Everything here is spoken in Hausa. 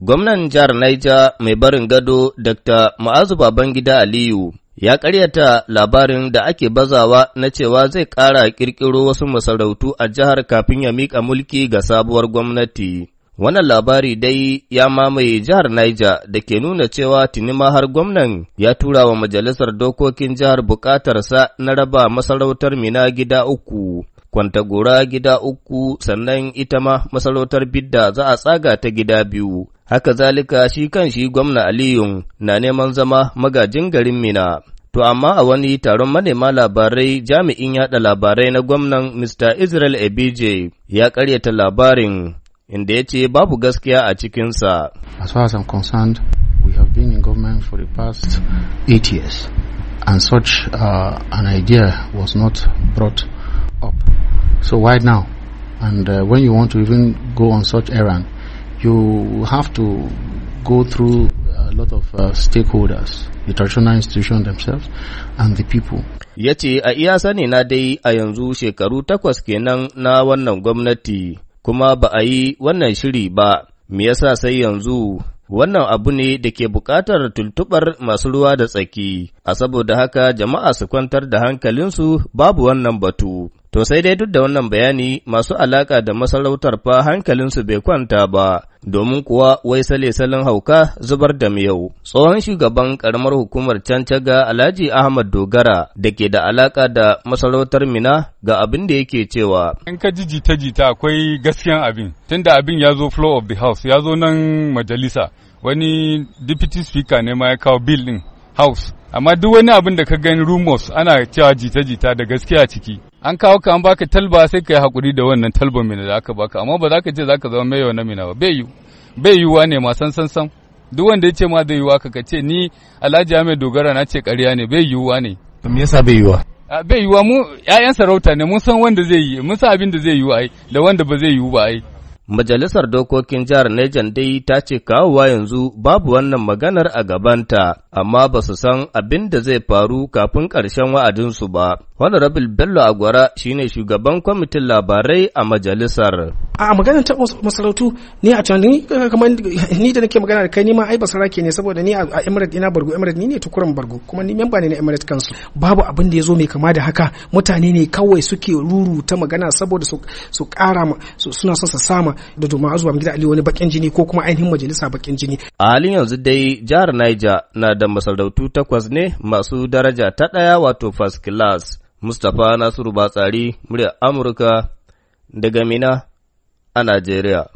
Gwamnan jihar Niger mai barin gado Dr. Ma'azu Babangida Aliyu ya karyata labarin da ake bazawa na cewa zai ƙara ƙirƙiro wasu masarautu a jihar kafin ya miƙa mulki ga sabuwar gwamnati. Wannan labari dai ya mamaye jihar Niger da ke nuna cewa tuni ma har gwamnan ya tura wa majalisar dokokin jihar bukatarsa na raba masarautar Mina gida uku, Kwantagora gida uku sannan ita ma masarautar Bidda za a tsaga ta gida biyu. Haka zalika shi kan shi gwamna aliyu na neman zama magajin garin Mina. To amma a wani taron manema labarai jami'in yada labarai na gwamnan Mr. Israel Ebije ya karyata labarin inda ya ce babu gaskiya a cikinsa. As far as I'm concerned, we have been in government for the past eight years and such uh, an idea was not brought up. So why now? And uh, when you want to even go on such errand, you have to go through a lot of uh, stakeholders, the traditional institutions themselves and the people. Ya ce a iya sani na dai a yanzu shekaru takwas kenan na wannan gwamnati kuma ba a yi wannan shiri ba, me yasa sai yanzu wannan abu ne da ke buƙatar tuntuɓar masu ruwa da tsaki, a saboda haka jama'a su kwantar da hankalinsu babu wannan batu. To sai dai duk da wannan bayani masu alaka da masarautar fa hankalinsu bai kwanta ba, domin kuwa wai sale salin hauka zubar da miyau. Tsohon shugaban karamar hukumar Cancaga Alhaji Ahmad Dogara da ke da alaka da masarautar Mina ga abin da yake cewa. In ka ji jita-jita akwai gaskiyan abin, tunda abin ya zo floor of the house, ya zo nan majalisa, wani deputy speaker ne ma ya kawo bill din house. Amma duk wani abin da ka gani rumors ana cewa jita-jita da gaskiya ciki. an kawo ka an baka talba sai ka yi hakuri da wannan talba mina da aka baka amma ba za ka ce za ka zama mai na mina ba bai yi bai yiwuwa ne ma san san san duk wanda ya ce ma da wa ka ce ni Alhaji Ahmed Dogara na ce ƙarya ne bai wa ne me yasa bai wa. bai wa mu ƴaƴan sarauta ne mun san wanda zai yi mun san abin da zai yiwu ai da wanda ba zai yiwu ba ai Majalisar Dokokin Jihar nejan dai ta ce kawowa yanzu babu wannan maganar a gabanta, amma ba su san abin da zai faru kafin ƙarshen wa'adinsu ba. Honorable Bello Agwara shine shugaban kwamitin labarai a majalisar. a maganar ta masarautu ni a eh, kamar ni da nake magana da kai ni ma ai ke ne saboda ni a emirate ina bargo emirate ni ne tukuran bargo kuma ni memba ne na emirate kansu babu abin da ya zo mai kama da haka mutane ne kawai suke ruru ta magana saboda su kara suna son su sama da duma zuwa gida ali wani bakin jini ko kuma ainihin majalisa bakin jini a halin yanzu dai jihar Niger na da masarautu takwas ne masu daraja ta ɗaya wato first class Mustapha Nasiru Batsari, murya Amurka daga Mina a Najeriya.